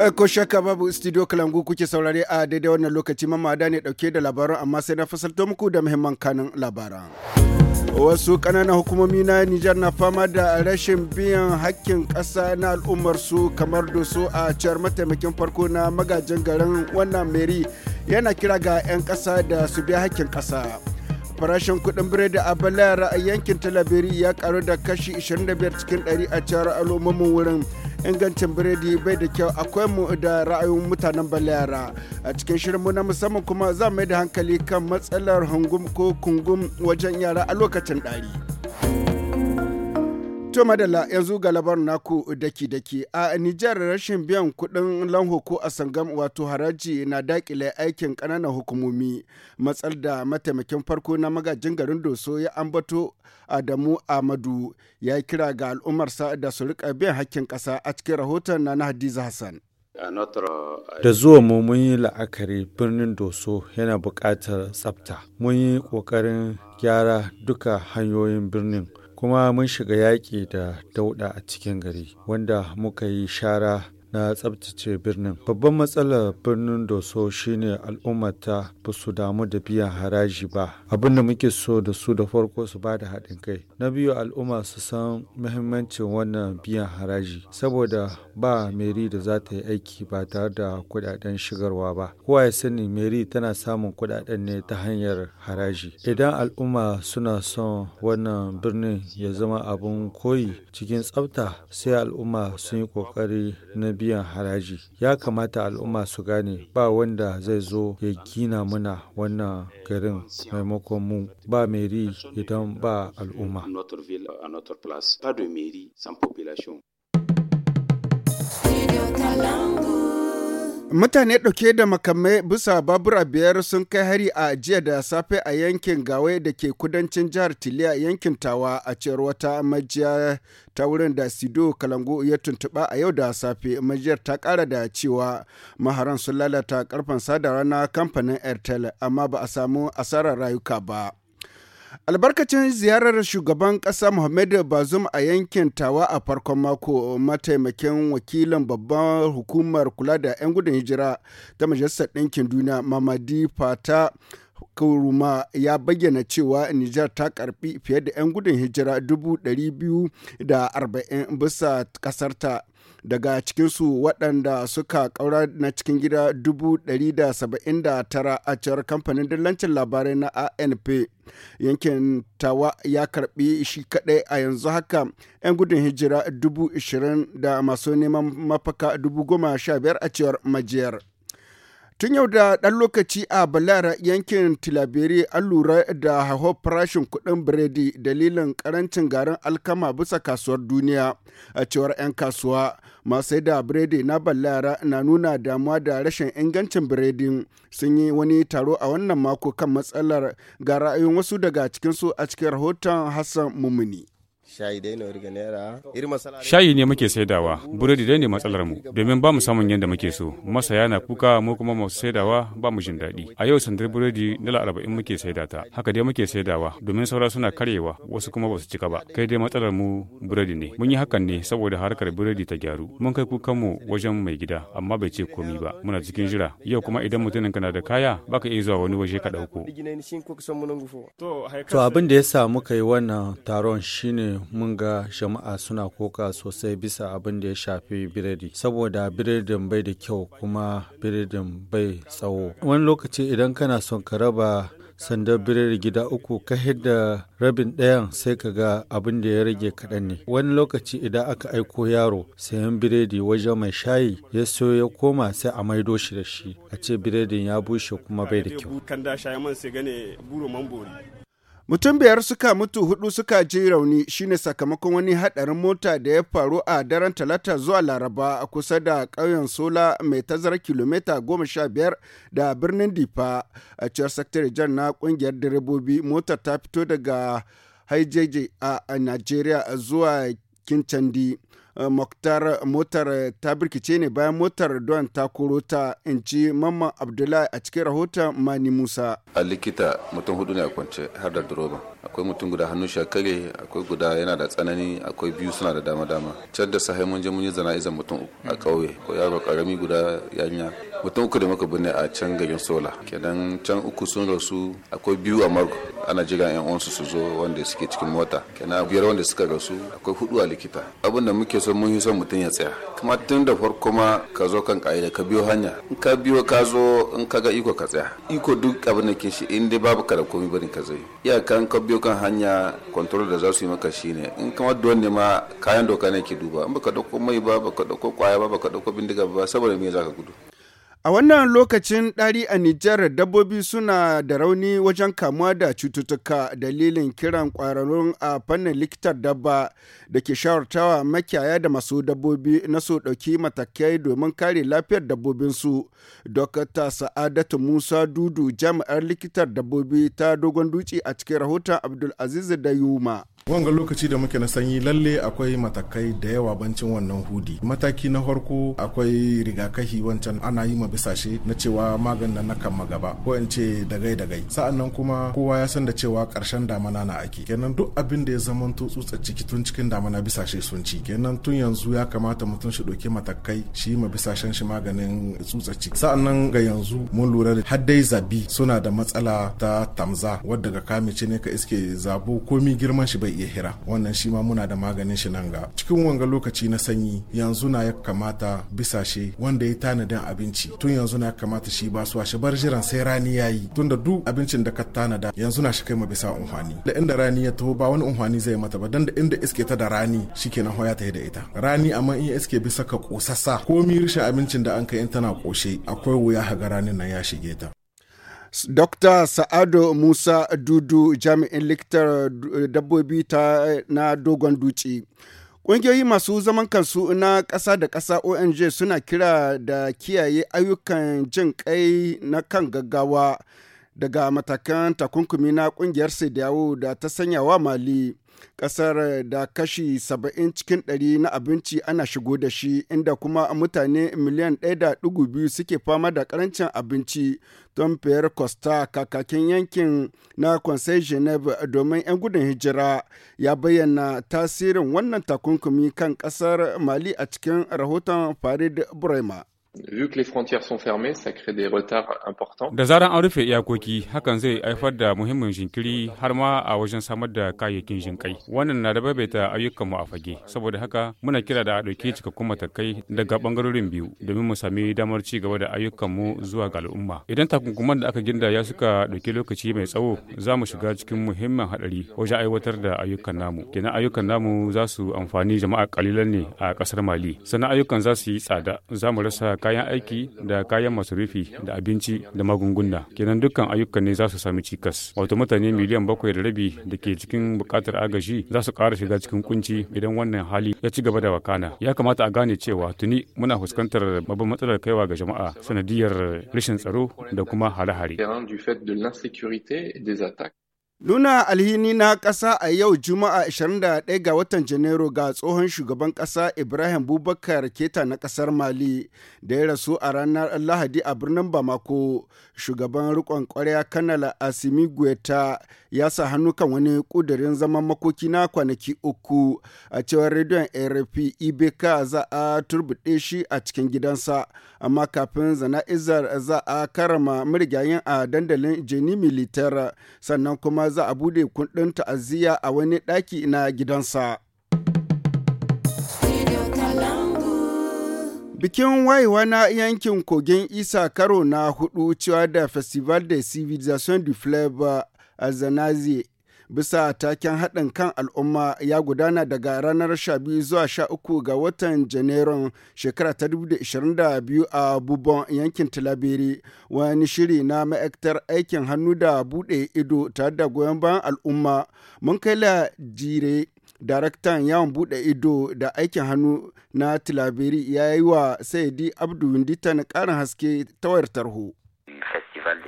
Eh, ko shakka babu studio Kalangu kuke saurare a daidai wannan lokaci mamada ne dauke da labaran amma sai na fasalto muku da muhimman kanin labaran. wasu kananan hukumomi na nijar na fama da rashin biyan hakkin kasa na al'ummarsu kamar doso a ciyar mataimakin farko na magajin garin wannan meri yana kira ga 'yan kasa da su biya hakkin ƙasa farashin kuɗin biredi a balayar a yankin talabiri ya karu da kashi 25 cikin 100 a ciyar al'ummomin wurin ingancin biredi bai da kyau akwai mu da ra'ayin mutanen balayara a cikin shirin mu na musamman kuma za mai da hankali kan matsalar hungum ko kungum wajen yara a lokacin ɗari. To madalla yanzu ga labarin naku daki-daki a Nijar rashin biyan kuɗin lanho ko a sangam wato haraji na dakile aikin ƙananan hukumomi matsal da mataimakin farko na magajin garin Doso ya ambato Adamu Amadu ya kira ga al'ummarsa da su rika biyan hakkin ƙasa a cikin rahoton na Hadiza Hassan. Da zuwa mu mun yi la'akari birnin Doso yana buƙatar tsafta. Mun yi ƙoƙarin gyara duka hanyoyin birnin. kuma mun shiga yaƙi da dauɗa a cikin gari wanda muka yi shara na tsabtace birnin. Babban matsalar birnin Doso shine ta ba su damu da biyan haraji ba. abinda da muke so da su da farko su ba da haɗin kai. Na biyu al'umma su san muhimmancin wannan biyan haraji saboda ba Meri da za ta yi aiki ba tare da kuɗaɗen shigarwa ba. Kowa ya sani Meri tana samun kuɗaɗen ne ta hanyar haraji. Idan al'umma suna son wannan birnin ya zama abin koyi cikin tsabta sai al'umma sun yi ƙoƙari na biyan haraji ya kamata al'umma su gane ba wanda zai zo ya gina muna wannan garin maimakon mu ba meri idan ba al'umma Studio Mutane ɗauke da makamai bisa babura biyar sun kai hari a jiya da safe a yankin Gawai da ke kudancin jihar Tiliya yankin Tawa a cewar wata majiya ta wurin da Sido Kalangu ya tuntuɓa a yau da safe. Majiyar ta ƙara da cewa maharan sun lalata karfan sadarwa na kamfanin Airtel amma ba a samu asarar rayuka ba. albarkacin ziyarar shugaban ƙasa muhammadu bazum a yankin tawa a farkon mako mataimakin wakilin babban hukumar kula da 'yan gudun hijira ta majalisar ɗinkin duniya mamadi fata Kuruma ya bayyana cewa Nijar ta karbi fiye da 'yan gudun hijira 240 bisa kasarta daga cikinsu waɗanda suka ƙaura na cikin gida 179 a cewar kamfanin dillancin labarai na anp yankin tawa ya karbi shi kaɗai a yanzu haka 'yan gudun hijira 20 da masu neman mafaka 15 a cewar majiyar Tun yau da ɗan lokaci a Balar yankin Tilaberi an lura da hauhawar farashin kuɗin biredi dalilin ƙarancin garin alkama bisa kasuwar duniya. A cewar 'yan kasuwa, masu da biredi na Balar na nuna damuwa da rashin ingancin biredi Sun yi wani taro a wannan mako kan matsalar ga ra'ayin wasu daga cikinsu a cikin rahoton Hassan Mumuni. shayi dai naira shayi ne muke saidawa buredi dai ne matsalar mu domin ba mu samun yadda muke so masaya na kuka mu kuma masu saidawa ba mu jin daɗi a yau sandar burodi dala arba'in muke saida ta haka dai muke saidawa domin saura suna karyewa wasu kuma ba su cika ba kai dai matsalar mu buredi ne mun yi hakan ne saboda harkar buredi ta gyaru mun kai kukan mu wajen mai gida amma bai ce komi ba muna cikin jira yau kuma idan mutumin kana da kaya baka iya zuwa wani waje ka ɗauko to abin da ya sa muka yi wannan taron shine mun ga jama'a suna koka sosai bisa abin da ya shafi biredi saboda biredin bai da kyau kuma biredin bai tsawo wani lokaci idan kana son ka raba sandar biredi gida uku ka da rabin ɗayan sai ka ga abin da ya rage kaɗan ne wani lokaci idan aka aiko yaro sayan biredi wajen mai shayi ya so ya koma sai a maido shi da shi a ce biredin ya bushe kuma bai da kyau Mutum biyar suka mutu hudu suka ji rauni shine sakamakon wani hadarin mota da ya faru a daren talata zuwa laraba a kusa da ƙauyen sola mai tazara kilomita goma sha biyar da birnin difa a cewar sakatare jan na kungiyar direbobi motar ta fito daga haijeje a nigeria zuwa candi eh, Moktar motar ta birkice ne bayan motar don ta koro ta in ci mamma Abdullahi a cikin rahoton Mani Musa. A likita mutum hudu ne a kwance har da duroba. Akwai mutum guda hannu shi kare, akwai guda yana da tsanani, akwai biyu suna da dama dama. Can da sahai mun je mun yi zana'izan mutum a ƙauye. Ko yaro karami guda yanya mutum uku da muka binne a can garin sola kenan can uku sun rasu akwai biyu a marko ana jiran yan uwansu su zo wanda suke cikin mota kenan biyar wanda suka rasu akwai hudu a likita abin da muke son mun yi son mutum ya tsaya kuma tun da farko ma ka zo kan ka'ida ka biyo hanya in ka biyo ka zo in ka ga iko ka tsaya iko duk abin da ke shi in dai babu ka da komai bari ka zai kan ka biyo kan hanya control da za su yi maka shine in kama don ne ma kayan doka ne ke duba in baka dauko mai ba baka dauko kwaya ba baka dauko bindiga ba saboda me za ka gudu A wannan lokacin ɗari a Nijar dabbobi suna da rauni wajen kamuwa da cututtuka dalilin kiran ƙwararrun a fannin likitar dabba da ke shawartawa makiyaya da masu dabbobi na su ɗauki matakai domin kare lafiyar dabbobinsu. Dokta Sa'adatu Musa Dudu jami'ar likitar dabbobi ta dogon dutse a cikin rahoton abdul Abdulaziz da Yuma. wanga lokaci da muke na sanyi lalle akwai matakai da yawa bancin wannan hudi mataki na farko akwai rigakafi wancan ana yi ma bisa shi na cewa maganin na kama gaba ko in ce dagai dagai sa'annan kuma kowa ya san da cewa karshen damana na ake kenan duk abin da ya zamanto tsutsa ciki tun cikin damana bisa shi sun ci kenan tun yanzu ya kamata mutum shi doke matakai shi ma bisa shan shi maganin tsutsa ciki sa'annan ga yanzu mun lura da har dai zabi suna da matsala ta tamza wadda ga kame ce ne ka iske zabo komi girman shi bai iya hira wannan shi ma muna da maganin shi nan ga cikin wanga lokaci na sanyi yanzu na ya kamata bisa wanda ya tanadin abinci tun yanzu na kamata shi ba su shi bar jiran sai rani ya yi da duk abincin da ka da yanzu na shi kai ma bisa unhwani da inda rani ya taho ba wani unhwani zai mata ba dan da inda iske ta da rani shikenan hoya ta da ita rani amma in iske bisa ka kosassa komi rishin abincin da an kai in tana koshe akwai wuya haga ranin nan ya shige ta Dr. Sa'ado Musa Dudu jami'in likitar dabbobi ta na dogon duci. Ƙungiyoyi masu zaman kansu na ƙasa da ƙasa ONG suna kira da kiyaye ayyukan jin ƙai na kan gaggawa daga matakan takunkumi na ƙungiyar Sidiyawo da ta sanya wa Mali. Ƙasar eh, da kashi 70 cikin 100 na abinci ana shigo da shi inda kuma mutane miliyan 1.2 suke fama da karancin abinci don Pierre Costa kakakin yankin na Conseil Geneve domin 'yan gudun hijira ya bayyana tasirin wannan takunkumi kan ƙasar Mali a cikin rahoton Farid Burema. vu que les frontières sont fermées, ça crée des retards importants. Da zaran an rufe iyakoki, hakan zai haifar da muhimmin jinkiri har ma a wajen samar da kayayyakin jinkai. Wannan na da babaita ayyukan mu a fage. Saboda haka muna kira da a ɗauki cikakkun matakai daga bangarorin biyu domin mu sami damar ci gaba da ayyukanmu zuwa ga al'umma. Idan takunkuman da aka ginda ya suka ɗauki lokaci mai tsawo, za mu shiga cikin muhimmin haɗari wajen aiwatar da ayyukan namu. Kenan ayyukan namu za su amfani jama'a kalilan ne a ƙasar Mali. Sannan ayyukan za su yi tsada, za mu rasa kayan aiki da kayan masarufi da abinci da magunguna kenan dukkan ayyukan ne za su sami cikas wato mutane miliyan bakwai da rabi da ke cikin bukatar agaji za su ƙara shiga cikin kunci idan wannan hali ya ci gaba da wakana ya kamata a gane cewa tuni muna fuskantar babban matsalar kaiwa ga jama'a sanadiyar rashin tsaro da kuma hare-hare Nuna alhini na ƙasa a yau Juma'a 21 ga watan Janairu ga tsohon shugaban ƙasa Ibrahim Bubakar Keta na ƙasar Mali da ya rasu a ranar Lahadi a birnin Bamako. Shugaban riƙon ƙwarya Kanala Asimi Guetta ya sa hannu kan wani ƙudurin zaman makoki na kwanaki uku a cewar rediyon RFP IBK za a turbuɗe shi a cikin gidansa. Amma kafin zana'izar za a karama marigayin a dandalin Jeni Militar sannan kuma za a bude kundin ta'aziyya a wani ɗaki na gidansa. Bikin wayewa na yankin kogin Isa karo na hudu cewa da Festival de civilisation du Fleuve a Zanazie bisa taken haɗin kan al'umma ya gudana daga ranar 12 zuwa 13 ga watan janairun shekara ta 2022 a bubon yankin tilabiri wani shiri na ma'aikatar aikin hannu da buɗe ido tare da goyon bayan al'umma mun kai la jire daraktan yawon bude ido da aikin hannu na tilabiri ya yi wa saidi abdu na ƙarin haske ta tarho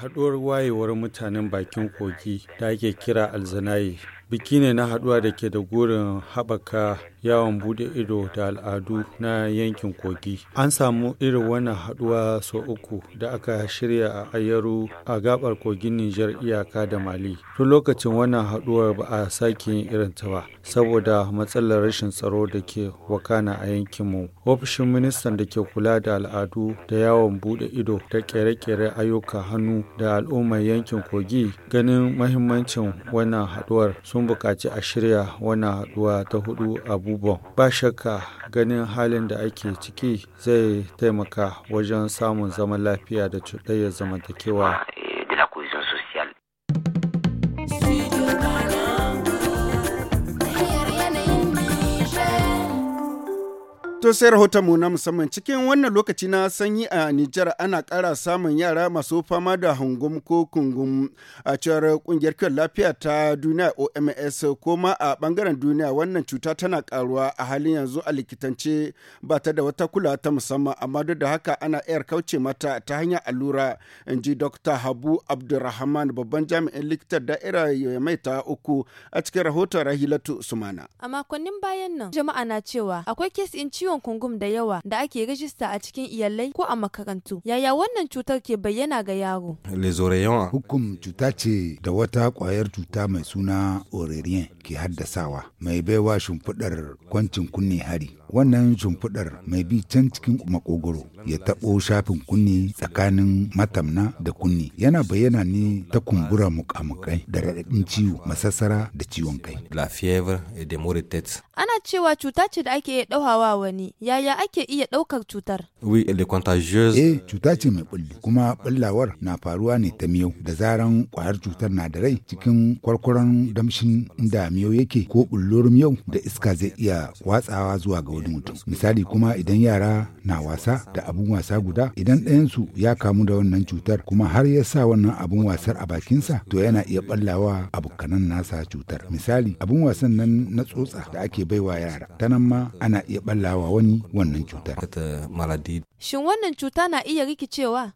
haɗuwar wayewar mutanen bakin kogi da ake kira alzanaye biki ne na haɗuwa da ke da gurin haɓaka yawon buɗe ido da al'adu na yankin kogi an samu irin wannan haɗuwa sau uku da aka shirya a ayaru a gabar kogin nijar iyaka da mali tun lokacin wannan haɗuwar ba a sake yin irin ta ba saboda matsalar rashin tsaro da ke wakana a yankinmu ofishin ministan da ke kula da al'adu da yawon buɗe ido da kere-kere ayyuka hannu da al'ummar yankin kogi ganin mahimmancin wannan haɗuwar su sun buƙaci a shirya wani haɗuwa ta hudu a bubon ba shakka ganin halin da ake ciki zai taimaka wajen samun zaman lafiya da cuɗayyar zamantakewa To sai rahoton mu na musamman cikin wannan lokaci na sanyi a Nijar ana kara samun yara masu fama da hungum ko kungum a cewar kungiyar kiwon lafiya ta duniya OMS ko ma a bangaren duniya wannan cuta tana karuwa a halin yanzu a likitance ba ta da wata kula ta musamman amma duk da haka ana iya kauce mata ta hanyar allura in ji Dr. Habu Abdulrahman babban jami'in likitar da'ira mai ta uku a cikin rahoton Rahilatu Sumana. A makonnin bayan nan jama'a na cewa akwai kes in ciwon ciwon kungum da yawa da ake rajista a cikin iyalai ko a makarantu. Yaya wannan cutar ke bayyana ga yaro? Lezorayon hukum cuta ce da wata kwayar cuta mai suna orerien ke haddasawa mai baiwa shimfiɗar kwancin kunne hari. Wannan shimfiɗar mai bi can cikin makogoro ya taɓo shafin kunne tsakanin matamna da kunne yana bayyana ne ta kumbura mukamukai da raɗaɗin ciwo masassara da ciwon kai. La fièvre et Ana cewa cuta ce da ake ɗauhawa wani yaya ake iya ɗaukar cutar? Eh cuta ce mai ɓulli kuma ɓullawar na faruwa ne ta miyau da zaran kwayar cutar na da rai cikin kwarkwaron damshin da miyau yake ko ɓullor miyau da iska zai iya watsawa zuwa ga wani mutum. Misali kuma idan yara na wasa da abun wasa guda idan ɗayansu ya kamu da wannan cutar kuma har ya sa wannan abun wasar a bakinsa to yana iya ɓallawa abokanan nasa cutar. Misali abun wasan nan na tsotsa da ake baiwa yara ta nan ma ana iya ɓallawa wani wannan cutar Shin wannan cuta na iya rikicewa?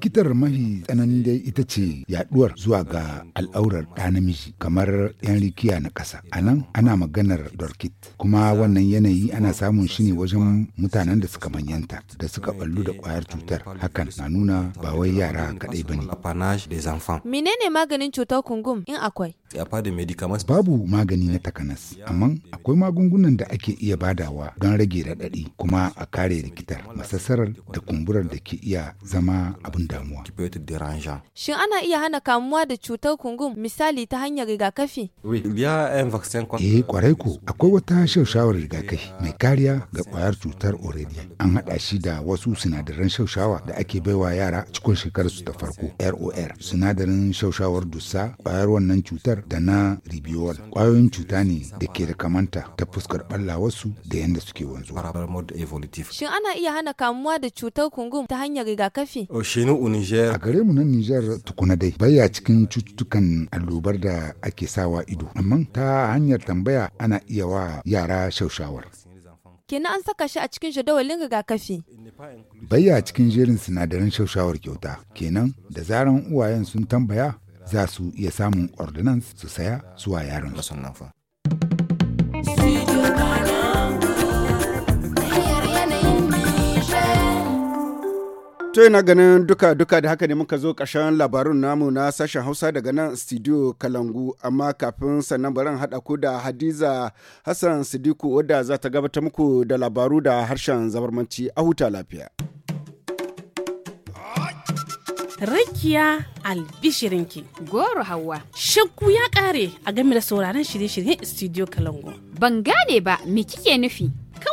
Kitar mafi tsananin dai ita ce yaduwar zuwa ga al'aurar ɗa namiji kamar 'yan rikiya na ƙasa. A nan ana maganar dorkit kuma wannan yanayi ana samun shi ne wajen mutanen da suka manyanta da suka ballu da kwayar cutar. Hakan na nuna ba wai yara kaɗai ba ne. Menene maganin cutar kungum in akwai? Babu magani na takanas, amma akwai magungunan da ake iya badawa don rage raɗaɗi kuma a kare rikitar. masasarar da kumburar da ke iya zama abin damuwa. Shin ana iya hana kamuwa da cutar kungun misali ta hanyar rigakafi? Eh kwarai ko akwai wata shawar rigakafi mai kariya ga kwayar cutar Oredia. An haɗa shi da wasu sinadaran shaushawa da ake baiwa yara cikin su ta farko ROR sinadarin shaushawar dusa kwayar wannan cutar da na ribiol kwayoyin cuta ne da ke da kamanta ta fuskar su da yadda suke wanzuwa. Shin ana iya hana hana kamuwa da cutar kungun ta hanyar rigakafi? Oshinu Niger. A gare mu na Niger tukuna dai baya cikin cututtukan allobar da ake sawa ido, amma ta hanyar tambaya ana iya wa yara shaushawar. kenan an saka shi a cikin jadawalin rigakafi. baya cikin jerin sinadaran shaushawar kyauta kenan da zaran uwayen sun tambaya za su iya samun ordinance su saya zuwa yaron. To yana ganin duka-duka da haka ne muka zo ƙarshen labarun namu na sashen Hausa daga nan studio Kalangu amma kafin sannan barin haɗa ku da Hadiza Hassan Sidiku wadda za ta gabatar muku da labaru da harshen zabarmanci a huta lafiya. Rakiya albishirinki goro hawa shakku ya ƙare a game da sauraron shirye-shiryen studio Kalangu. Ban gane ba me kike nufi?